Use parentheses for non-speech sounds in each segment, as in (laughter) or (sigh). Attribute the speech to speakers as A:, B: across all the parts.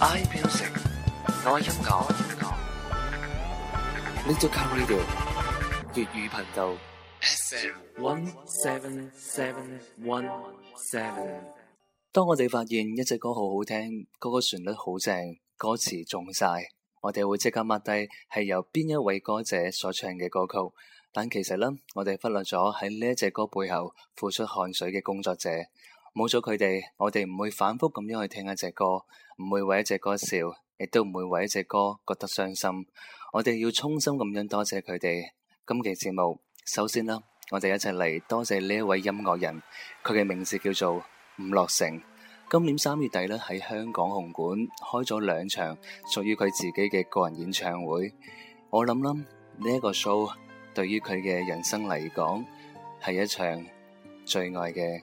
A: I Music，我音樂，Little Car Radio，粵語頻道 s, seven. One, seven, seven, one, seven. 當我哋發現一隻歌好好聽，嗰、那個旋律好正，歌詞中晒，我哋會即刻 mark 低係由邊一位歌者所唱嘅歌曲。但其實呢，我哋忽略咗喺呢一隻歌背後付出汗水嘅工作者。冇咗佢哋，我哋唔會反覆咁樣去聽一隻歌，唔會為一隻歌笑，亦都唔會為一隻歌覺得傷心。我哋要衷心咁樣多謝佢哋。今期節目，首先啦，我哋一齊嚟多謝呢一位音樂人，佢嘅名字叫做伍樂城。今年三月底咧，喺香港紅館開咗兩場屬於佢自己嘅個人演唱會。我諗諗呢一個 show，對於佢嘅人生嚟講，係一場最愛嘅。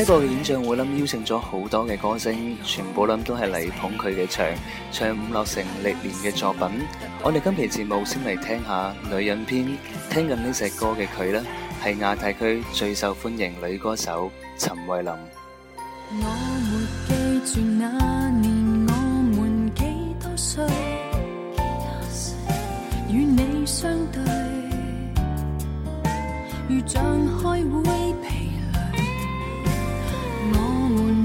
A: 呢個演唱會諗邀請咗好多嘅歌星，全部諗都係嚟捧佢嘅場，唱伍樂城歷年嘅作品。我哋今期節目先嚟聽下《女人篇》，聽緊呢隻歌嘅佢呢係亞太區最受歡迎女歌手陳慧
B: 琳。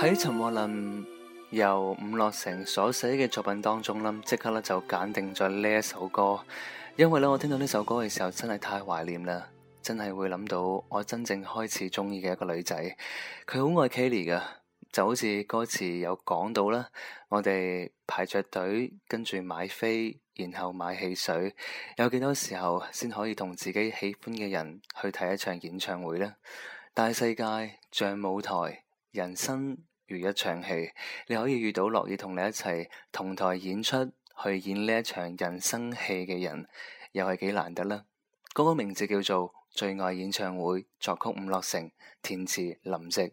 A: 喺陳莫林由伍樂城所寫嘅作品當中啦，即刻咧就揀定咗呢一首歌，因為咧我聽到呢首歌嘅時候，真係太懷念啦，真係會諗到我真正開始鍾意嘅一個女仔，佢好愛 Kelly 噶。就好似歌詞有講到啦，我哋排着隊跟住買飛，然後買汽水，有幾多時候先可以同自己喜歡嘅人去睇一場演唱會呢？大世界像舞台，人生如一場戲，你可以遇到樂意同你一齊同台演出，去演呢一場人生戲嘅人，又係幾難得啦～嗰個名字叫做《最愛演唱會》，作曲伍樂城，填詞林夕。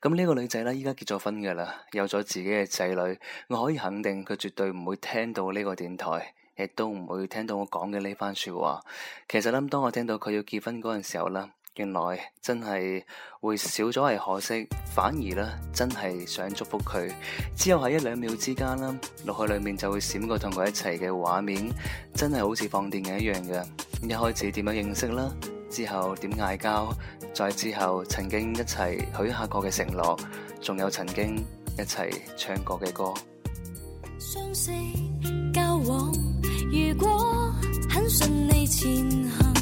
A: 咁呢個女仔呢，依家結咗婚嘅啦，有咗自己嘅仔女。我可以肯定，佢絕對唔會聽到呢個電台，亦都唔會聽到我講嘅呢番說話。其實呢，當我聽到佢要結婚嗰陣時候呢。原來真係會少咗係可惜，反而咧真係想祝福佢。只有喺一兩秒之間啦，腦海裏面就會閃過同佢一齊嘅畫面，真係好似放電影一樣嘅。一開始點樣認識啦，之後點嗌交，再之後曾經一齊許一下過嘅承諾，仲有曾經一齊唱過嘅歌。
B: 相識交往，如果肯順利前行。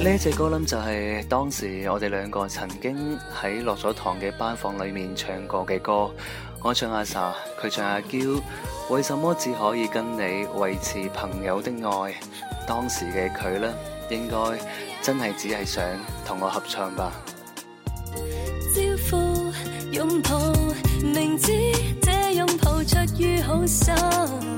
A: 呢隻歌冧就係當時我哋兩個曾經喺落咗堂嘅班房裏面唱過嘅歌，我唱阿 Sa，佢唱阿嬌。為什麼只可以跟你維持朋友的愛？當時嘅佢呢，應該真係只係想同我合唱吧。
B: 招呼擁抱，明知這擁抱出於好心。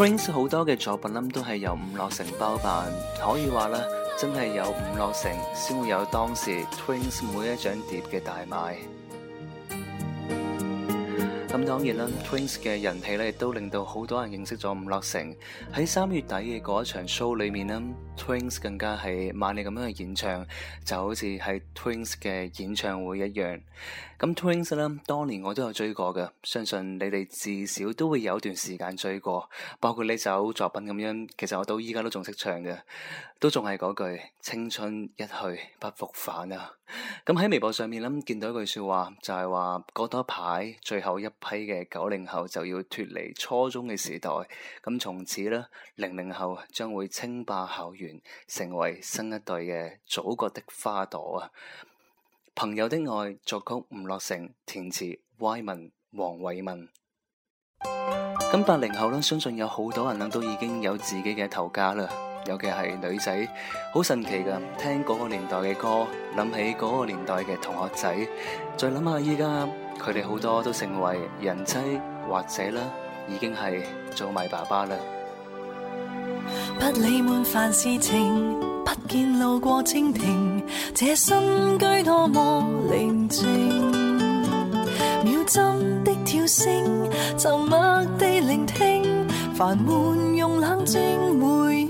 A: Twins 好多嘅作品都係由伍樂城包辦，可以話啦，真係有伍樂城先會有當時 Twins 每一張碟嘅大賣。當然啦，Twins 嘅人氣咧，亦都令到好多人認識咗伍樂成。喺三月底嘅嗰一場 show 裏面呢，Twins 更加係萬里咁樣嘅演唱，就好似係 Twins 嘅演唱會一樣。咁 Twins 呢，當年我都有追過嘅，相信你哋至少都會有一段時間追過，包括呢首作品咁樣，其實我到現在都依家都仲識唱嘅。都仲係嗰句青春一去不復返啊！咁喺微博上面諗見到一句說話，就係話過多排最後一批嘅九零後就要脫離初中嘅時代，咁從此呢，零零後將會稱霸校園，成為新一代嘅祖國的花朵啊！朋友的愛作曲吳樂成，填詞歪文黃偉文。咁八零後呢，相信有好多人呢，都已經有自己嘅頭家啦。尤其係女仔，好神奇㗎。聽嗰個年代嘅歌，諗起嗰個年代嘅同學仔，再諗下依家佢哋好多都成為人妻或者啦，已經係做埋爸爸啦。
B: 不理悶煩事情，不見路過蜻蜓，這新居多麼寧靜。秒針的跳聲，沉默地聆聽，煩悶用冷靜回。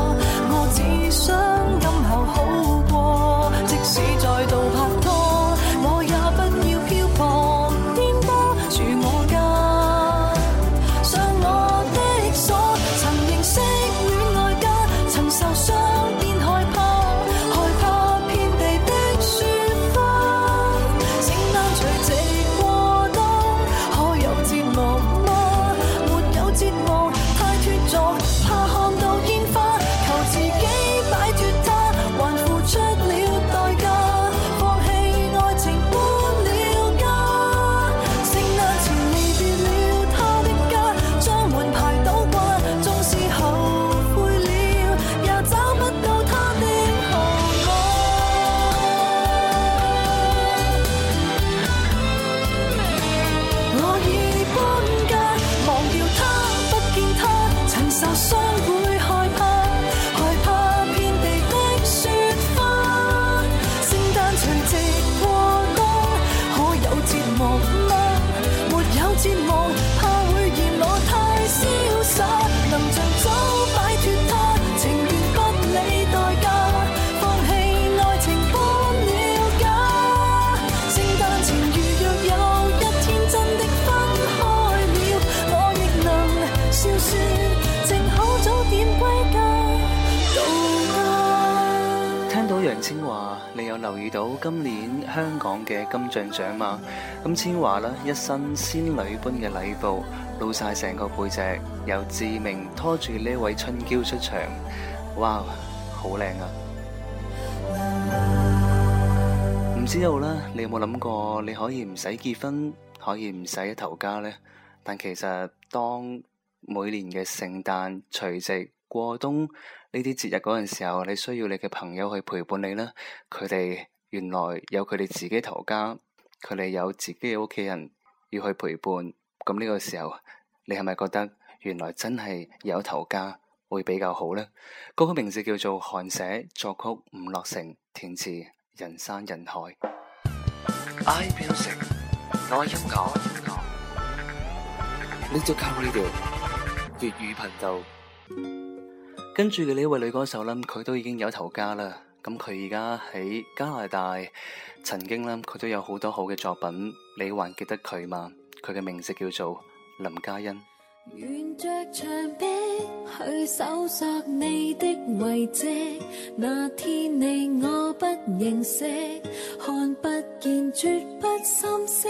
A: 你有留意到今年香港嘅金像獎嘛？咁千嬅咧一身仙女般嘅禮服，露晒成個背脊，由志明拖住呢位春嬌出場，哇，好靚啊！唔 (music) 知道咧，你有冇諗過你可以唔使結婚，可以唔使一頭家呢？但其實當每年嘅聖誕、除夕、過冬。呢啲節日嗰陣時候，你需要你嘅朋友去陪伴你啦。佢哋原來有佢哋自己頭家，佢哋有自己嘅屋企人要去陪伴。咁呢個時候，你係咪覺得原來真係有頭家會比較好呢？歌曲名字叫做《韓社作曲伍樂城填詞人山人海》。I.B.O.S. 愛音樂音樂。Little Car Radio 粵語頻道。跟住嘅呢位女歌手呢，佢都已經有頭家啦。咁佢而家喺加拿大，曾經呢，佢都有好多好嘅作品，你還記得佢嗎？佢嘅名字叫做林嘉欣。
B: 沿着牆壁去搜索你的遺跡，那天你我不認識，看不見絕不心色。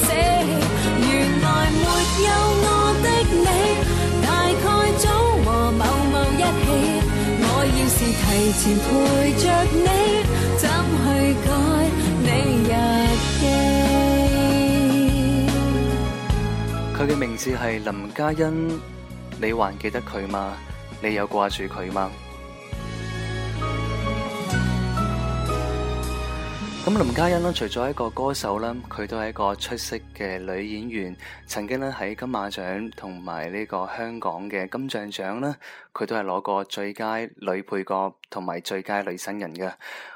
B: 原來沒有我的你，大概早和某某一起。我要是提前陪着你，怎去改你日記？
A: 佢嘅名字係林嘉欣，你還記得佢嗎？你有掛住佢嗎？咁林嘉欣咧，除咗一個歌手咧，佢都係一個出色嘅女演員，曾經咧喺金馬獎同埋呢個香港嘅金像獎咧，佢都係攞過最佳女配角同埋最佳女新人嘅。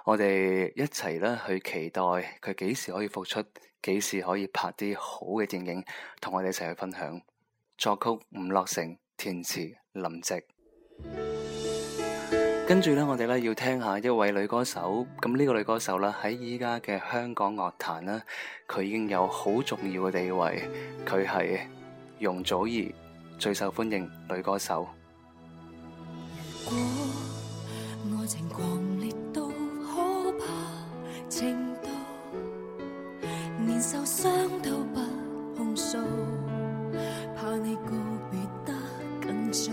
A: 我哋一齊咧去期待佢幾時可以復出，幾時可以拍啲好嘅電影，同我哋一齊去分享。作曲吳樂成，填詞林夕。跟住咧，我哋咧要聽下一位女歌手。咁呢個女歌手咧，喺依家嘅香港樂壇咧，佢已經有好重要嘅地位。佢係容祖兒，最受歡迎女歌手。如
B: 果愛情狂烈到可怕程度，連受傷都不控訴，怕你告別得更早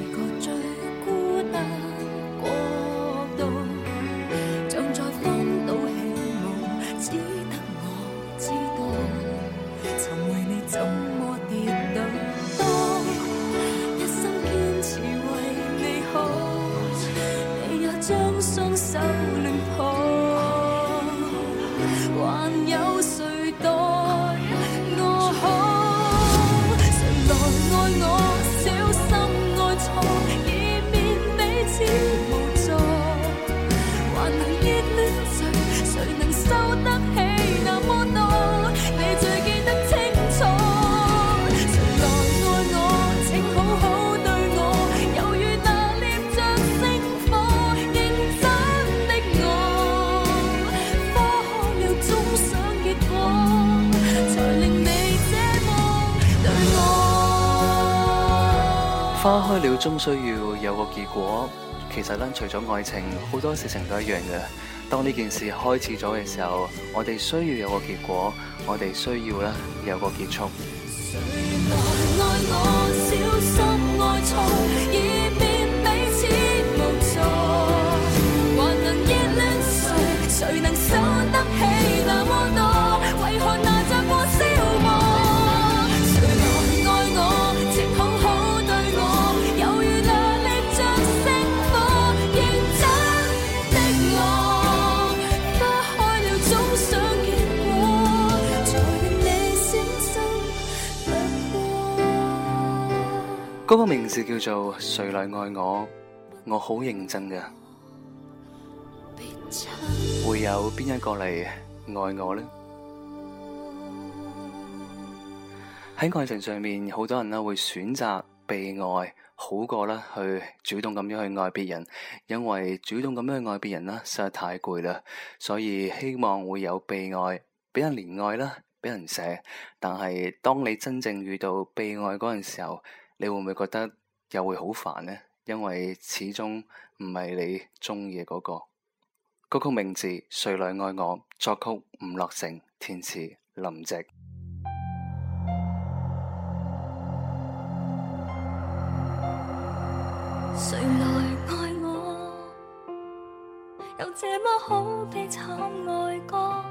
A: 開了終需要有個結果，其實咧除咗愛情，好多事情都一樣嘅。當呢件事開始咗嘅時候，我哋需要有個結果，我哋需要咧有個結束。嗰個名字叫做誰來愛我？我好認真噶，會有邊一個嚟愛我呢？喺愛情上面，好多人咧會選擇被愛，好過咧去主動咁樣去愛別人，因為主動咁樣去愛別人咧，實在太攰啦，所以希望會有被愛，俾人憐愛啦，俾人寫。但係當你真正遇到被愛嗰陣時候，你會唔會覺得又會好煩呢？因為始終唔係你鍾意嗰個。歌曲名字《誰來愛我》，作曲吳樂成，填詞林夕。
B: 誰來愛我？有這麼好悲慘愛歌。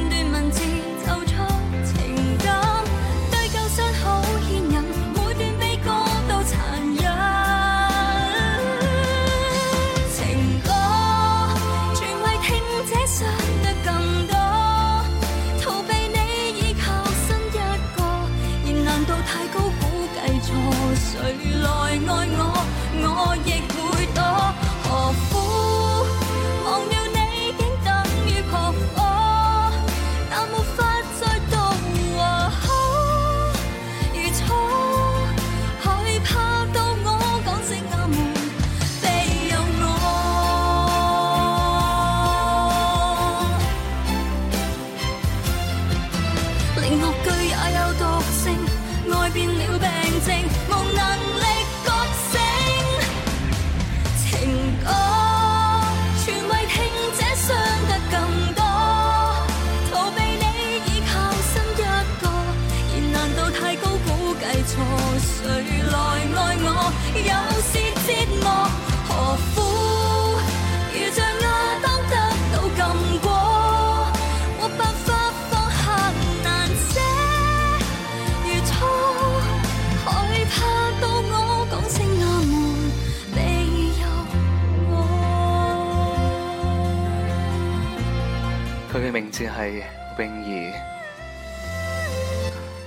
A: 係泳兒，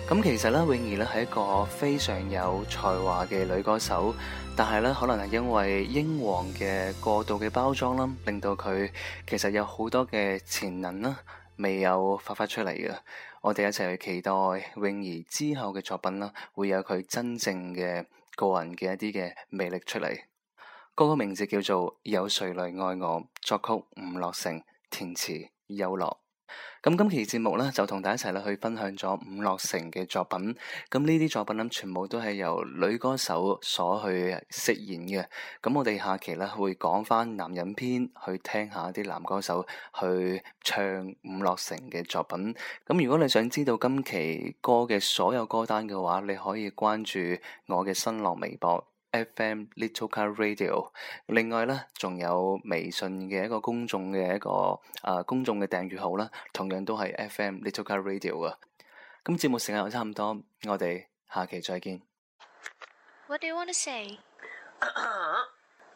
A: 咁，其實咧泳兒咧係一個非常有才華嘅女歌手，但係咧可能係因為英皇嘅過度嘅包裝啦，令到佢其實有好多嘅潛能啦，未有發揮出嚟嘅。我哋一齊去期待泳兒之後嘅作品啦，會有佢真正嘅個人嘅一啲嘅魅力出嚟。歌曲名字叫做《有誰來愛我》，作曲吳樂成，填詞邱樂。咁今期節目咧就同大家一齊咧去分享咗伍樂城嘅作品。咁呢啲作品咧全部都係由女歌手所去飾演嘅。咁我哋下期咧會講翻男人篇，去聽下啲男歌手去唱伍樂城嘅作品。咁如果你想知道今期歌嘅所有歌單嘅話，你可以關注我嘅新浪微博。FM Little Car Radio，另外咧仲有微信嘅一個公眾嘅一個啊公眾嘅訂閱號啦，同樣都係 FM Little Car Radio 噶。咁節目時間又差唔多，我哋下期再見。
B: What do you want to say?